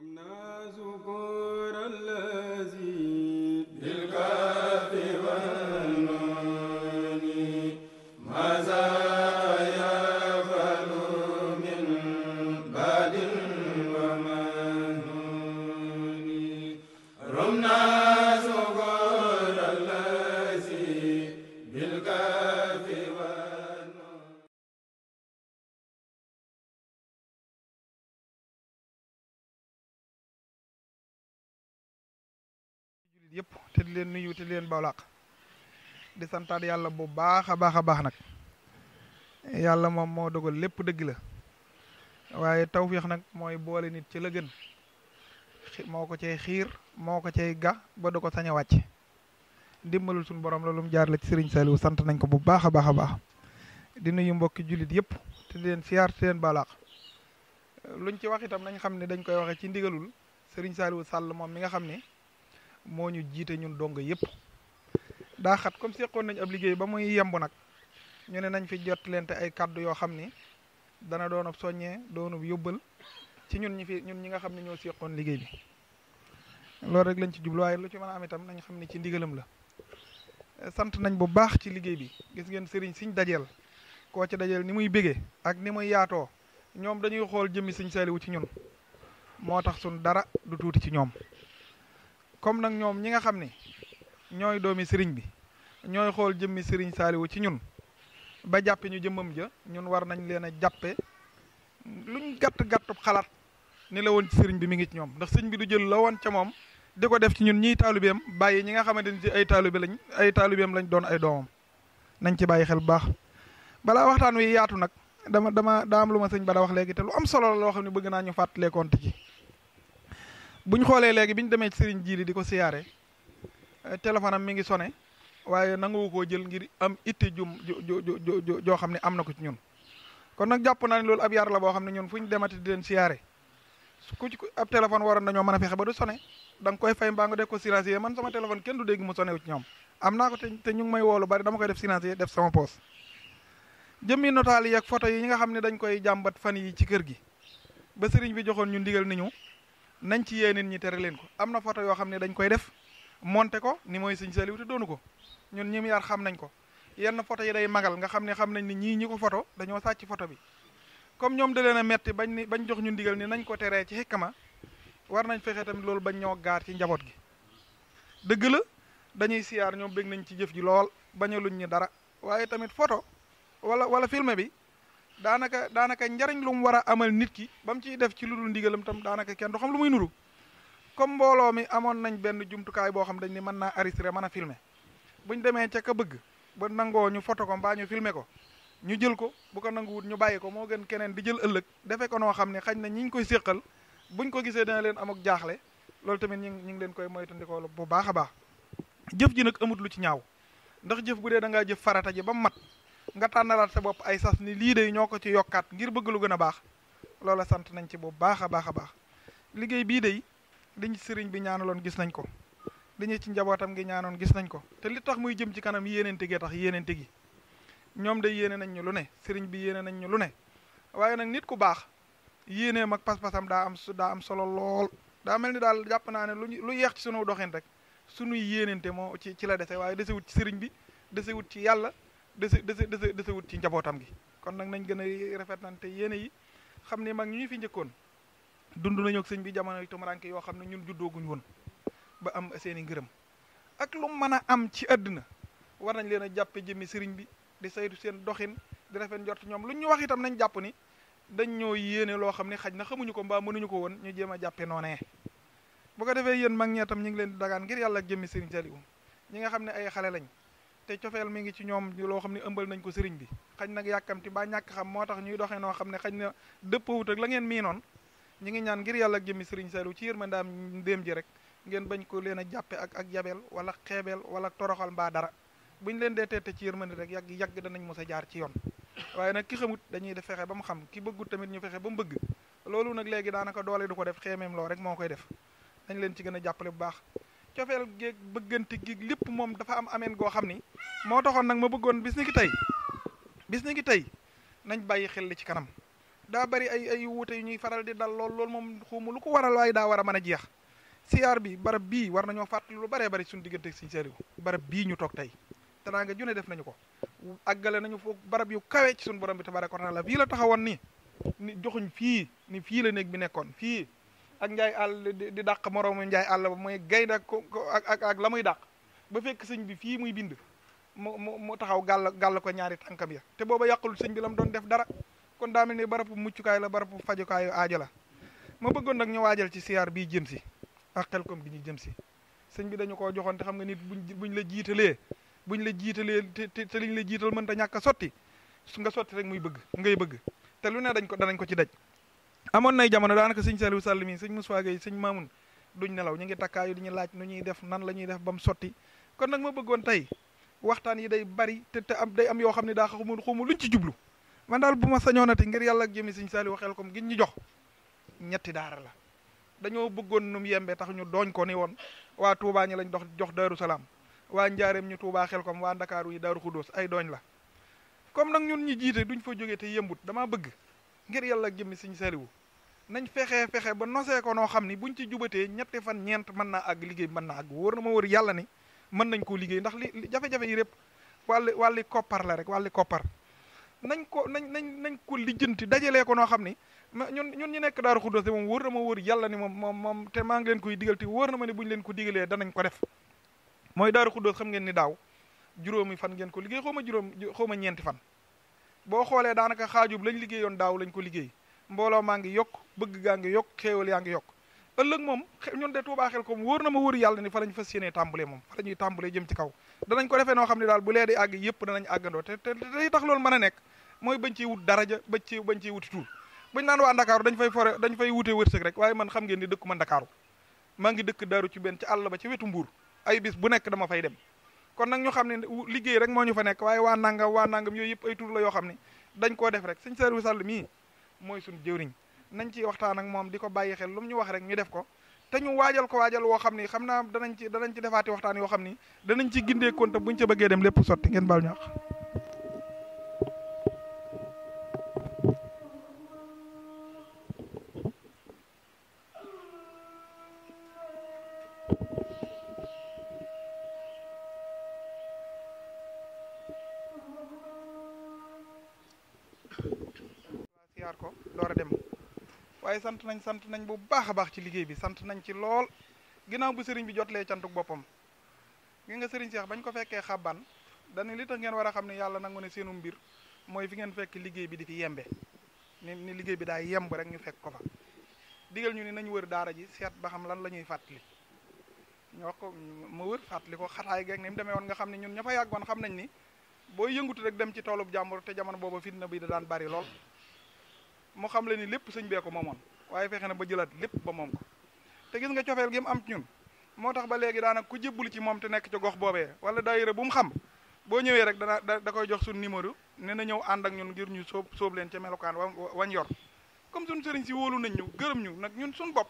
قمنا زكور الذي بالكاف والنون ماذا يفعل من بعد ومنون رمنا te di leen nuyu te di leen bawlak di santat yalla bu baakha baakha baax nak yalla mom mo dogal lepp deug la waye tawfiq nak moy boole nit ci la gën moko cey xir moko cey ga ba du ko sañ a dimbalul sun borom loolu mu jaar la ci Serigne salihu sant nañ ko bu baakha baakha baax di nuyu mbokk julit yep te di leen siyaar te leen balaaq luñ ci wax itam nañ xamni dañ koy waxee ci ndigalul Serigne salihu Sall mom mi nga xamni moo jité ñun dong yépp daa xat comme seqoon nañ ab liggéey ba muy yemb nak ñu né nañ fi jot leen ay cadeau yo xamni ni dana doonub soñé doonub yobbal ci ñun ñi fi ñun ñi nga xamni ne ñoo seqoon liggéey bi lool rek lañ ci jublu way lu ci mëna am itam nañ xamni ci ndigalam la sant nañ bu baax ci liggéey bi gis ngeen sëriñ siñ dajeel ko ci ni muy bégee ak ni muy yaato ñom dañuy xol jëmi siñ saaliwu ci ñun moo sun dara du tuti ci ñom comme nag ñoom ñi nga xam ni ñooy doomi sëriñ bi ñooy xool jëmmi sëriñ Saaliwu ci ñun ba jàppe ñu jëmmam ja ñun war nañ leen a jàppe luñ gàtt gàttu xalaat ni la woon ci sëriñ bi mi ngi ci ñoom ndax sëriñ bi du jël la woon ca moom di ko def ci ñun ñiy taalubeem bàyyi ñi nga xamante ni ci ay taalube lañ ay taalubeem lañ doon ay doomam nañ ci bàyyi xel bu baax balaa waxtaan wi yaatu nag dama dama daa am lu ma sëñ ba da wax léegi te lu am solo loo xam ne bëgg naa ñu fàttaleekoonte ci bu ñu xoolee léegi bi ñu demee ci sëriñ Jiili di ko siyaare euh, téléphone am mi ngi sone waaye nanguwu koo jël ngir am itti jum joo xam ne am na ko ci ñun kon nag jàpp naa ne loolu ab la boo xam ne ñun fu ñu demati di leen siyaare ku nañoo mën a ba du sone da nga koy fay mbaa nga def ko silencieux man sama téléphone kenn du dégg mu sone wu ñoom am naa ko te te ñu may woolu bari dama koy def silencieux def sama poos jëmmi notaal yi ak photo yi ñi nga xam ne dañ koy jàmbat fan yi ci kër gi ba sëriñ bi joxoon ñu ndigal ni ñu nañ ci yéeneen ñi tere leen ko am na photo yoo xam ne dañ koy def monte ko ni mooy sëñ Saliou te doonu ko ñun ñi yar xam nañ ko yenn foto yi day magal nga xam ne xam nañ ni ñii ñi ko foto dañoo sàcc photo bi comme ñoom da a metti bañ ni bañ jox ñu ndigal ni nañ ko teree ci ma war nañ fexe tamit lool bañ ñoo gaar ci njaboot gi dëgg la dañuy siyaar ñoom bég nañ ci jëf ji lool bañaluñ ñu dara waaye tamit photo wala wala film bi daanaka daanaka njariñ lu mu war a amal nit ki ba mu ciy def ci lu dul ndigalam tam daanaka kenn du xam lu muy nuru comme mbooloo mi amoon nañ benn jumtukaay boo xam dañ ni mën naa enregistrer mën a filmer buñ demee ca a bëgg ba nangoo ñu photo ko mbaa ñu filmer ko ñu jël ko bu ko nanguwut ñu bàyyi ko moo gën keneen di jël ëllëg defe ko noo xam ni xañ na ñi ngi koy séqal buñ ko gisee dina leen am ak jaaxle loolu tamit ñi ñi ngi leen koy moytandikoo bu baax baax jëf ji nag amut ci ñaaw ndax jëf bu dee da ngaa jëf farata ji ba mat nga tànnalaat sa bopp ay sas ni lii de ñoo ko ci yokkaat ngir bëgg lu gën a baax loola sant nañ ci bu baax a baax a baax liggéey bii de liñ sëriñ bi ñaanaloon gis nañ ko liñu ci njabootam gi ñaanoon gis nañ ko te li tax muy jëm ci kanam yéenente gi tax yéenente gi ñoom de yéene nañ ñu lu ne sëriñ bi yéene nañ ñu lu ne waaye nag nit ku baax yéeneem ak pas-pasam daa am daa am solo lool daa mel ni daal jàpp naa ne lu lu yeex ci sunu doxin rek sunuy yéenente moo ci ci la dese waaye desewut ci sëriñ bi desewut ci yàlla dese dese dese wut ci njabootam gi kon nag nañ gën a rafetlante yéene yi xam ne mag ñu fi njëkkoon dund nañu ak sëñ bi jamono yu tumuranke yoo xam ne ñun juddooguñ woon ba am seeni ngërëm ak lu mën a am ci àddina war nañ leen a jàppe jëmmi sëriñ bi di saytu seen doxin di rafet njort ñoom lu ñu wax itam nañ jàpp ni dañ ñëw yéene loo xam ne xaj na xamuñu ko mbaa mënuñu ko woon ñu jéem a jàppe noonee bu ko defee yéen mag ñee tam ñu ngi leen di dagaan ngir yàlla ak jëmmi sëriñ Saliou ñi nga xam ne ay xale lañ té ciofel mi ngi ci ñom loo xam ne ëmbal nañ ko sëriñ bi xañ nag yàkkamti ba ñak xam moo tax ñuy doxé no xamni xañ na wut ak la ngeen non ñi ngi ñaan ngir yalla ak sëriñ Saliou ci ndam ndéem ji rek ngeen bañ ko leena jappé ak ak jabeel wala xébel wala toroxal ba dara buñ leen dee teete ci ni rek yag yag danañ mos a jaar ci yoon waaye nak ki xamut dañuy def fexé bam xam ki bëggut tamit ñu fexé bam bëgg loolu nag léegi daanaka doolé du ko def xeemeem lo rek mo koy def dañ leen ci gëna jappalé bu baax cofeel géeg bëggante géeg lip mom, dafa am ameen go xam mo moo taxoon nang ma bëggoon bis ni ki tey bis ni ki tey kanam da bari ay ay wute yu ñuy faral di dal lool loolu mom xuumu ko waral waaye da wara a mën warna jeex siyaar bi barab bii war nañoo fàttali lu baree bari suñu diggante Sëriñ Saaliw barab bi ñu tok nga june def nañu ko agala nañu foofu barab yu kawe ci suñu borom bi tabaaraka taala fii la ni ni joxuñ fi ni fi la néeg bi fi ak njaay àll di dàq moroomu njaay àll ba mooy gaynde ak a ak la muy dàq ba fekk sëñ bi fii muy bind mu mu taxaw gàll gàll ko ñaari tànkam ya te booba yàqul sëñ bi la doon def dara kon daa mel ni barabu muccukaay la barabu fajukaayu aajo la ma bëggoon nag ñu waajal ci siyaar bii jëm si ak xelkom gi ñu jëm si sëñ bi dañu koo joxoon te xam nga nit buñ buñ la jiitalee buñ la jiitalee te te liñ la jiital mën ta ñàkk a sotti su nga sotti rek muy bëgg ngay bëgg te lu ne dañ ko danañ ko ci daj amon nay jamono daanaka sëñ Saliou Sall mi sëñ Moussa Gueye sëñ Mamoun duñ nelaw ñi ngi takkaayu di laaj nu ñuy def nan la def bam soti kon nak ma bëggoon tay waxtaan yi day bari te te am day am yo xamni da daa xamul xamul luñ ci jublu man dal bu sañonati ngir yalla ak jëmi seigne salou waxel kom gi ñi jox ñetti daara la dañoo bëggoon num yembe tax ñu doñ ko ni won wa Touba ñi lañ dox jox daru salam wa Njaareem ñu Touba xel kom wa dakar yi daru khudus ay doñ la comme nak ñun ñi jité duñ fa joggé te yembut dama bëgg ngir yalla ak jëmi seigne salou nañ fexe fexe ba nosee ko noo xam ni buñ ci jubatee ñetti fan ñeent mën na àgg liggéey man naa àgg wóor na ma wóor yàlla ni mën nañ koo liggéey ndax li jafe-jafe yi répp wàlli wàlli koppar la rek wàlli koppar nañ ko nañ nañ nañ ko lijjanti dajalee ko noo xam ni ñun ñun ñu nekk daaru xuddoose moom wóor na ma wóor yàlla ni moom moom moom te maa ngi leen koy digal te wóor na ma ne buñ leen ko digalee danañ ko def mooy daaru xuddoos xam ngeen ni daaw juróomi fan ngeen ko liggéey xaw ma juróom xaw ma ñeenti fan boo xoolee daanaka xaajub lañ liggéeyoon daaw lañ ko liggéey mbooloo maa ngi yokk bëgg gaa ngi yokk xéewal yaa ngi yokk ëllëg moom ñun de Tuubaa Xelkom wóor na ma wóor yàlla ni fa lañ fas yéenee tàmbalee moom fa la ñuy tàmbalee jëm ci kaw danañ ko defee noo xam ne daal bu lee di yëpp danañ àggandoo te te day a nekk mooy bañ ciy wut daraja ci bañ ciy naan waa Ndakaaru dañ fay fore dañ fay wutee wërsëg rek waaye man xam ngeen ni dëkk ma Ndakaaru maa ngi dëkk daaru ci benn ci àll ba wetu mbuur ay bis bu nekk dama fay dem kon nag ñu xam ne liggéey rek moo ñu fa nekk waa nangam waa nangam yooyu yëpp ay tur la yoo dañ koo def rek sëñ Saliou Sall mii mooy suñu jëwriñ nañ ciy waxtaan ak moom di ko bàyyi xel lu mu ñu wax rek ñu def ko te ñu waajal ko waajal woo xam ni xam naa danañ ci danañ ci defaati waxtaan yoo xam ni danañ ci gindee konta buñ ca bëggee dem lépp sotti ngeen baal ñu wax door dem waye sant nañ sant nañ bu baax baax ci liggey bi sant nañ ci lool ginaaw bu serigne bi jotlé cantuk bopam gi nga serigne cheikh bañ ko fekke xaban dañ li tax ngeen wara xamni yalla nangou ne senum bir moy fi ngeen fekk liggey bi di fi yembé ni ni liggéey bi da yemb rek ñu fekk ko fa digal ñu ni nañ wër daara ji seet ba xam lan lañuy ñuy fàttali ko wër fàttali ko xataay gek ni mu démé won nga xamni ñun ñafa fa xamnañ ni boy yëngutu rek dem ci toolub jàmbur te jamono booba fitna bi da daan bari lool mu xam le ni lépp suñ bee ko moomoon waaye fexe na ba jëlaat lépp ba moom ko te gis nga cofeel gi am ci ñun moo tax ba léegi daanaka ku jébbul ci moom te nekk ci gox boobee wala daayira bu mu xam boo ñëwee rek dana da koy jox suñ numéro ne na ñëw ànd ak ñun ngir ñu sóob sóob leen ca melokaan wañ yor comme suñ sëriñ si wóolu nañ ñu gërëm ñu nag ñun suñ bopp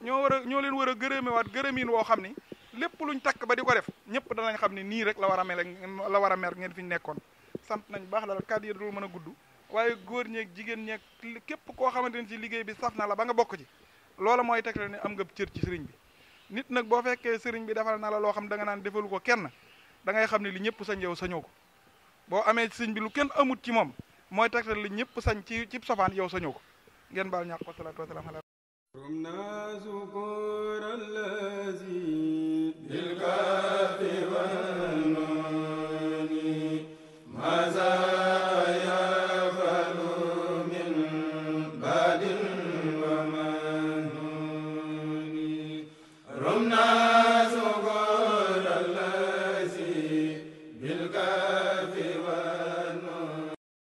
ñoo war a ñoo leen war a gërëmewaat gërëmin woo xam ni lépp luñ takk ba di ko def ñëpp danañ xam ni nii rek la war a mel la war a mer ngeen fi ñu nekkoon sant nañ baax la kàddu yi dul mën a gudd waye goor ñeeg Jigen ñeeg képp koo xamante ni ci liggey bi safna la ba nga bokk ci loola mooy tegtal ni am nga ciir ci serigne bi nit nak bo fekke serigne bi defal na la lo xam da nga nan defalu ko kenn da ngay xam li ñepp sañ yow sañoo ko bo amé serigne bi lu kenn amut ci moom mooy tegtal li ñepp sañ ci ci sofaan yow sañoo ko ngeen ala